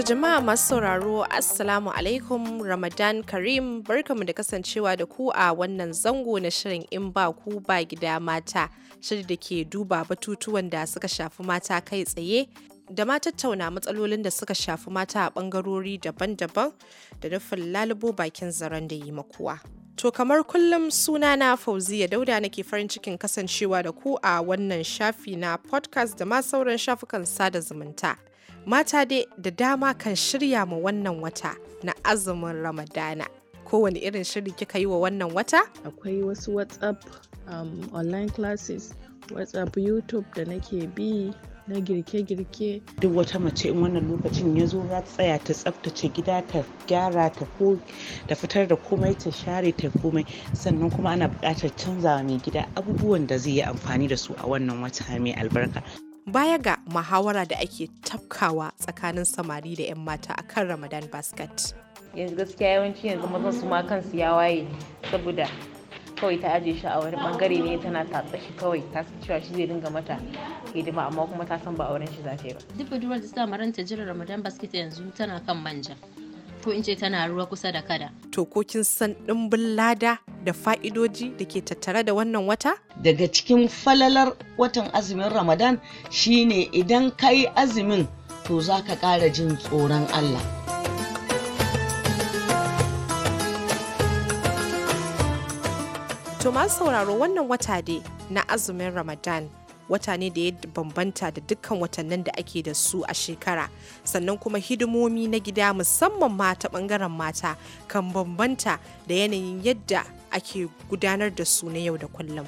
Wato jama'a masu sauraro Assalamu alaikum Ramadan Karim barkamu da kasancewa da ku a wannan zango na shirin in ba ku ba gida mata shirin da ke duba batutuwan da suka shafi mata kai tsaye da ma tattauna matsalolin da suka shafi mata a bangarori daban-daban da nufin lalubo bakin zaren da yi makuwa. To kamar kullum suna sunana Fauziya Dauda nake farin cikin kasancewa da ku a wannan shafi na podcast da ma sauran shafukan sada zumunta. mata dai da dama kan shirya ma wannan wata na azumin ramadana kowane irin shiri kika yi wa wannan wata akwai wasu whatsapp um, online classes whatsapp youtube da nake bi na girke-girke duk wata mace in wannan lokacin ya zo za ta tsaya ta tsaftace gida ta gyara ta ko ta fitar da komai ta share ta komai sannan kuma ana buƙatar canza mai gida abubuwan da zai yi amfani da su a wannan wata mai albarka baya ga mahawara da ake tafkawa tsakanin samari da 'yan mata akan ramadan basket yanzu gaskiya yawanci yanzu mazan su ma kansu ya waye saboda kawai ta ajiye shi a wani bangare ne tana tatsa shi kawai ta san cewa shi zai dinga mata hidima amma kuma ta san ba a wurin shi za ta yi ba duk budurwar da ta maranta jiran ramadan basket yanzu tana kan manja ko in ce tana ruwa kusa da kada to ko kin san dimbin lada da fa'idoji da ke tattare da wannan wata? Daga cikin falalar watan azumin Ramadan shine idan ka yi azumin to za ka ƙara jin tsoron Allah. To masu sauraro wannan wata dai na azumin Ramadan wata ne da ya bambanta da dukkan watannin da ake da su a shekara sannan kuma hidimomi na gida musamman mata ɓangaren mata kan bambanta da yanayin yadda ake gudanar da su na yau da kullum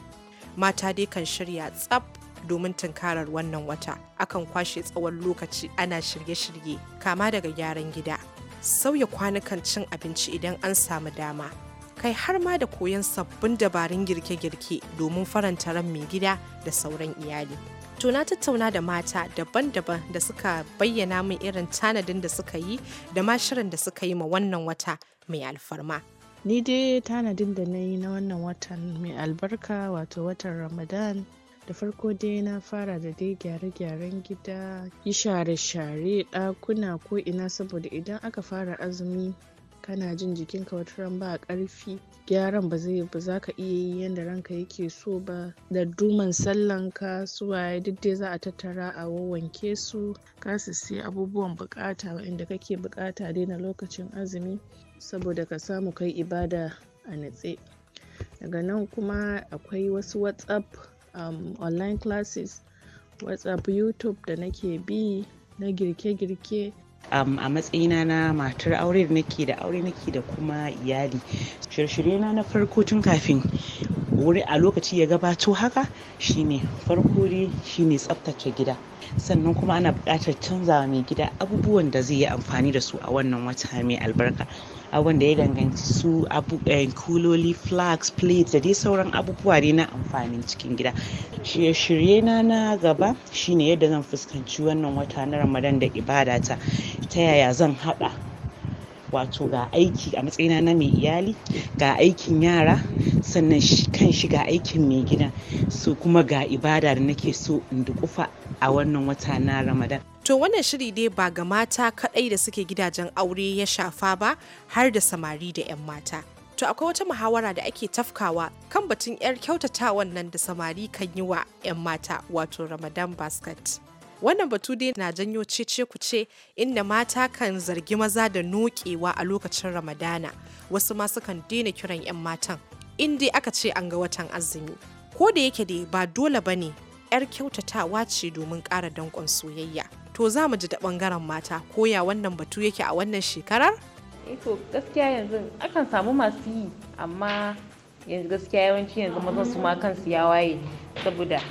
mata dai kan shirya tsab domin tunkarar wannan wata akan kwashe tsawon lokaci ana shirye-shirye kama daga gyaran gida sauya kwanukan cin abinci idan an samu dama kai har ma da koyon sabbin dabarun girke-girke domin faranta ran mai gida da sauran iyali to na tattauna da mata daban-daban da suka bayyana min irin tanadin da suka yi da ma shirin da suka yi ma wannan wata mai alfarma Ni dai tanadin da na yi na wannan watan mai albarka wato watan Ramadan da farko dai na fara da dai gyare-gyaren gida yi share-share ɗakuna ko ina saboda idan aka fara azumi kana jin jikinka wata ran ba ƙarfi gyaran ba zai ba za ka iya yi yadda ranka yake so ba da duman sallan ka su waye duk dai za a tattara a wawanke su ka sai abubuwan bukata inda kake bukata dai na lokacin azumi saboda ka samu kai ibada a natse daga nan kuma akwai wasu whatsapp um, online classes whatsapp youtube da nake bi na girke-girke um, a matsayina na matar aure da nake da aure nake da kuma iyali shirye na na farko tun kafin wuri a lokaci ya gabato haka shine farko dai shine tsaftace gida sannan kuma ana buƙatar canza mai gida abubuwan da zai yi amfani da su a wannan wata mai albarka wanda ya danganci su eh, kuloli flags plates da dai sauran abubuwa ne na amfanin cikin gida shirye na na gaba shine yadda zan fuskanci wannan wata na ramadan da ibada ta yaya zan haɗa wato ga aiki a matsayina na mai iyali ga aikin yara sannan kan shi ga aikin mai gida su kuma ga ibada da nake so in dukufa a wannan wata na ramadan To wannan shiri dai ba ga mata kaɗai da suke gidajen aure ya shafa ba har da samari da 'yan mata. To akwai wata muhawara da ake tafkawa kan batun 'yar kyautatawan nan da samari kan yi wa 'yan mata wato Ramadan basket. Wannan batu dai na janyo cece ce inda mata kan zargi maza da nokewa a lokacin Ramadana. Wasu ma sukan daina kiran 'yan matan inda aka ce an ga watan azumi. Ko da yake dai ba dole ba ne 'yar kyautatawa ce domin ƙara danƙon soyayya. To za mu ji da ɓangaren mata ko ya wannan batu yake a wannan shekarar? Eh to gaskiya yanzu akan samu masu yi amma yanzu gaskiya yawanci yanzu mazan su ma kansu ya waye saboda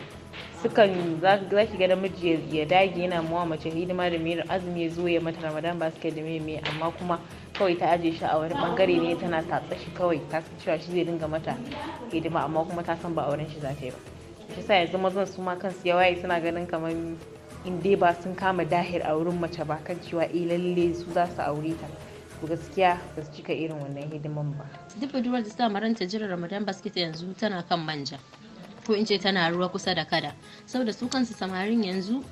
sukan za ki ga namiji ya dage yana muwa mace hidima da mai azumi ya zo ya mata ramadan ba su kai da mai amma kuma kawai ta ajiye shi a wani bangare ne tana tatsa shi kawai ta san cewa shi zai dinga mata hidima amma kuma ta san ba auren shi za ta yi ba shi sa yanzu mazan su ma kansu ya waye suna ganin kamar in dai ba sun kama dahir a wurin mace ba kan cewa eh lalle su za su aure ta gaskiya ba su cika irin wannan hidiman ba. Duk budurwar da sa maranta jiran Ramadan basket yanzu tana kan manja. ko in ce tana ruwa kusa da kada saboda su kansu samarin yanzu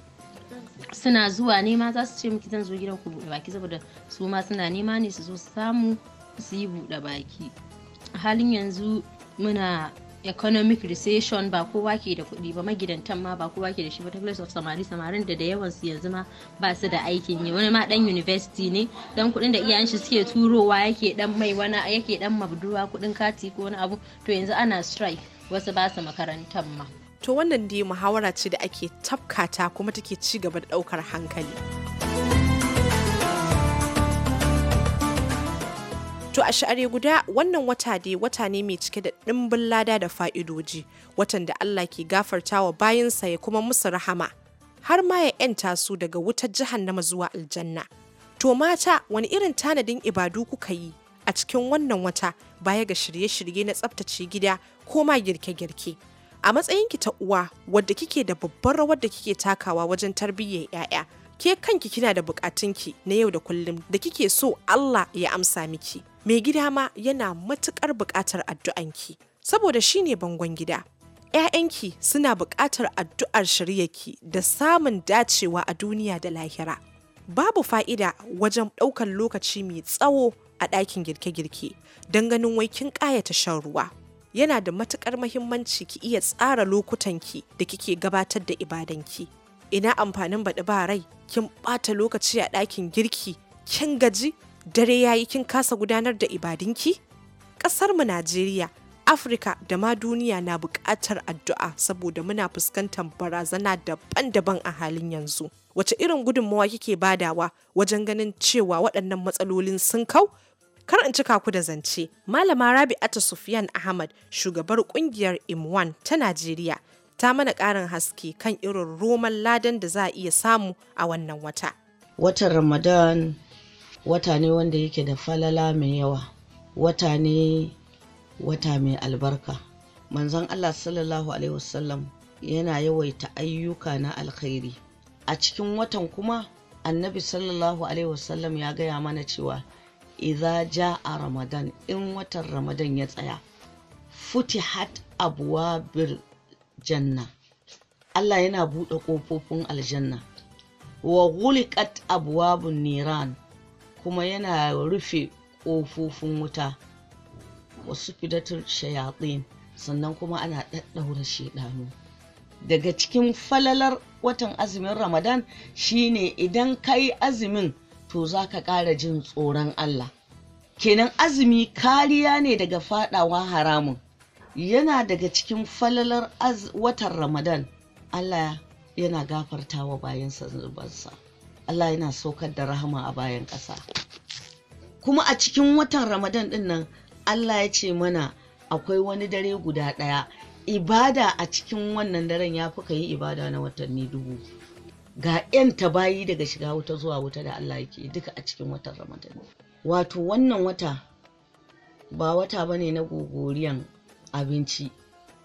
suna zuwa nema za su ce miki zan zo gidan ku buɗe baki saboda su ma suna nema ne su zo samu su yi buɗe baki halin yanzu muna economic recession ba kowa ke da kuɗi ba magidantan ma ba kowa ke da shi ba ta of samari samarin da da yawan su yanzu ma ba su da aikin yi wani ma dan university ne dan kuɗin da iyayen shi suke turowa yake dan mai wani yake dan mabduwa kuɗin kati ko wani abu to yanzu ana strike wasu ba su makarantar ma to wannan dai muhawara ce da ake tafkata kuma take ci gaba da daukar hankali To a sha'ari guda wannan wata dai wata ne mai cike da ɗimbin lada da fa'idoji, watan da Allah ke gafarta wa bayansa ya kuma musu rahama, har ma ya ‘yanta su daga wutar nama zuwa aljanna. To mata wani irin tanadin ibadu kuka yi a cikin wannan wata baya ga shirye-shirye na tsaftace gida ko ma girke-girke. A matsayinki ta uwa wadda kike da babbar rawar da kike takawa wajen tarbiyyar 'ya'ya, ke kanki kina da ki na yau da kullum da kike so Allah ya amsa miki. Mai gida ma yana matukar bukatar ki. saboda shine bangon gida. 'Ya'yanki suna bukatar addu'ar shiryarki da samun dacewa a duniya da lahira. Babu fa'ida wajen ɗaukar lokaci mai tsawo a ɗakin girke-girke don ganin wai kin ƙayata shan ruwa. Yana da matuƙar mahimmanci ki iya tsara lokutanki da kike gabatar da ibadanki. Ina amfanin baɗi ba rai, kin ɓata lokaci a ɗakin girki, kin gaji, dare yayi kin kasa gudanar da ibadinki? mu Najeriya Afirka da ma duniya na buƙatar addu'a saboda muna fuskantar barazana daban-daban a halin yanzu. Wace irin gudunmawa kike badawa wajen ganin cewa waɗannan matsalolin sun kau Kar in cika ku da zance, Malama ata Sufyan Ahmad, shugabar kungiyar m1 ta Najeriya, ta mana ƙarin haske kan irin roman ladan da za a iya samu a wannan wata. Watan Ramadan wata ne wanda yake da falala mai yawa, wata ne wata mai albarka. Manzon Allah sallallahu Alaihi wasallam yana yawaita ayyuka na alkhairi. A cikin watan kuma, annabi sallallahu Alaihi wasallam ya gaya mana cewa ja a ramadan in watan ramadan ya tsaya futihat bir janna Allah yana buɗe ƙofofin aljanna wa ghuliqat abwabun niran kuma yana rufe ƙofofin wuta wasu fidatul shayatin sannan kuma ana ɗaɗɗaura shaidanu daga cikin falalar watan azumin ramadan shine idan ka azumin to za ka ƙara jin tsoron Allah. Kenan azumi kariya ne daga faɗawa haramun. Yana daga cikin falalar watan Ramadan, Allah yana gafarta wa bayansa zubarsa. Allah yana saukar da rahama a bayan ƙasa. Kuma a cikin watan Ramadan ɗin nan, Allah ya ce mana akwai wani dare guda ɗaya, ibada a cikin wannan daren ya fi ka yi ibada na watanni dubu. ga 'yan ta bayi daga shiga wuta zuwa wuta da Allah yake duka a cikin watan Ramadan. Wato wannan wata ba wata bane na gogoriyan abinci,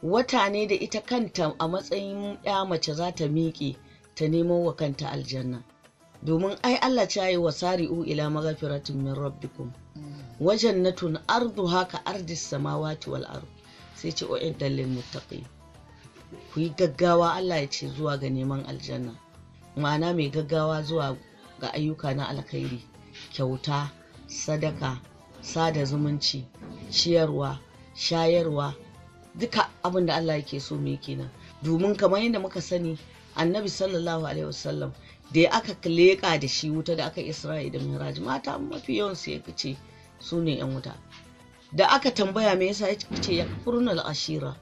wata ne da ita kanta a matsayin 'ya mace za ta miƙe ta nemo wa kanta aljanna. Domin ai Allah ya yi wa sari'u ila magafiratin min rabbikum. Wajen na tun ardu haka ardis samawati wal ardu sai ce o'in dallin muttaqi. Ku yi gaggawa Allah ya ce zuwa ga neman aljanna. ma'ana mai gaggawa zuwa ga ayyuka na alkhairi kyauta sadaka sada zumunci ciyarwa shayarwa duka abin da Allah yake so mu kenan domin kamar yadda muka sani annabi sallallahu alaihi wasallam da ya aka leƙa da shi wuta da aka isra'i da miraj mata mafi yawan su ya fice su ne yan wuta da aka tambaya me yasa ya ce ya kafurnal ashira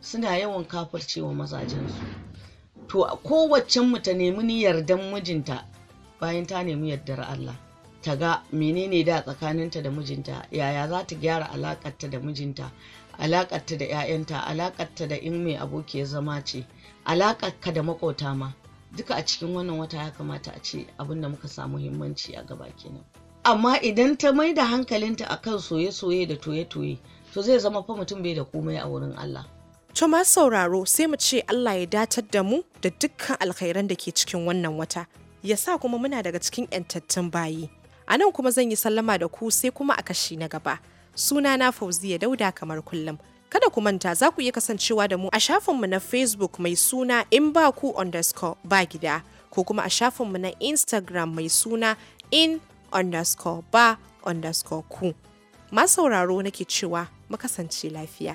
suna yawan kafircewa mazajensu to kowaccen mu ta nemi niyyar dan mijinta bayan ta nemi yardar Allah ta ga menene da tsakaninta da mijinta yaya za ta gyara alakarta da mijinta alakarta da 'ya'yanta alakarta da in mai aboki ya zama ce alakarka da makota ma duka a cikin wannan wata ya kamata a ce abin da muka samu muhimmanci a gaba kenan amma idan ta mai da hankalinta akan soye-soye da toye-toye to zai zama fa mutum bai da komai a wurin Allah To ma sauraro sai mu ce Allah ya datar da mu da dukkan alkhairan da ke cikin wannan wata, ya sa kuma muna daga cikin 'yantattun bayi. A nan kuma zan yi sallama da ku sai kuma a kashi na gaba. Suna na fauzi ya Dauda kamar kullum. Kada ku manta za ku iya kasancewa da mu a shafinmu na Facebook mai suna in ba ku underscore ba gida ko kuma a shafinmu na Instagram mai suna in underscore ba underscore ku. Masauraro nake cewa mu kasance lafiya.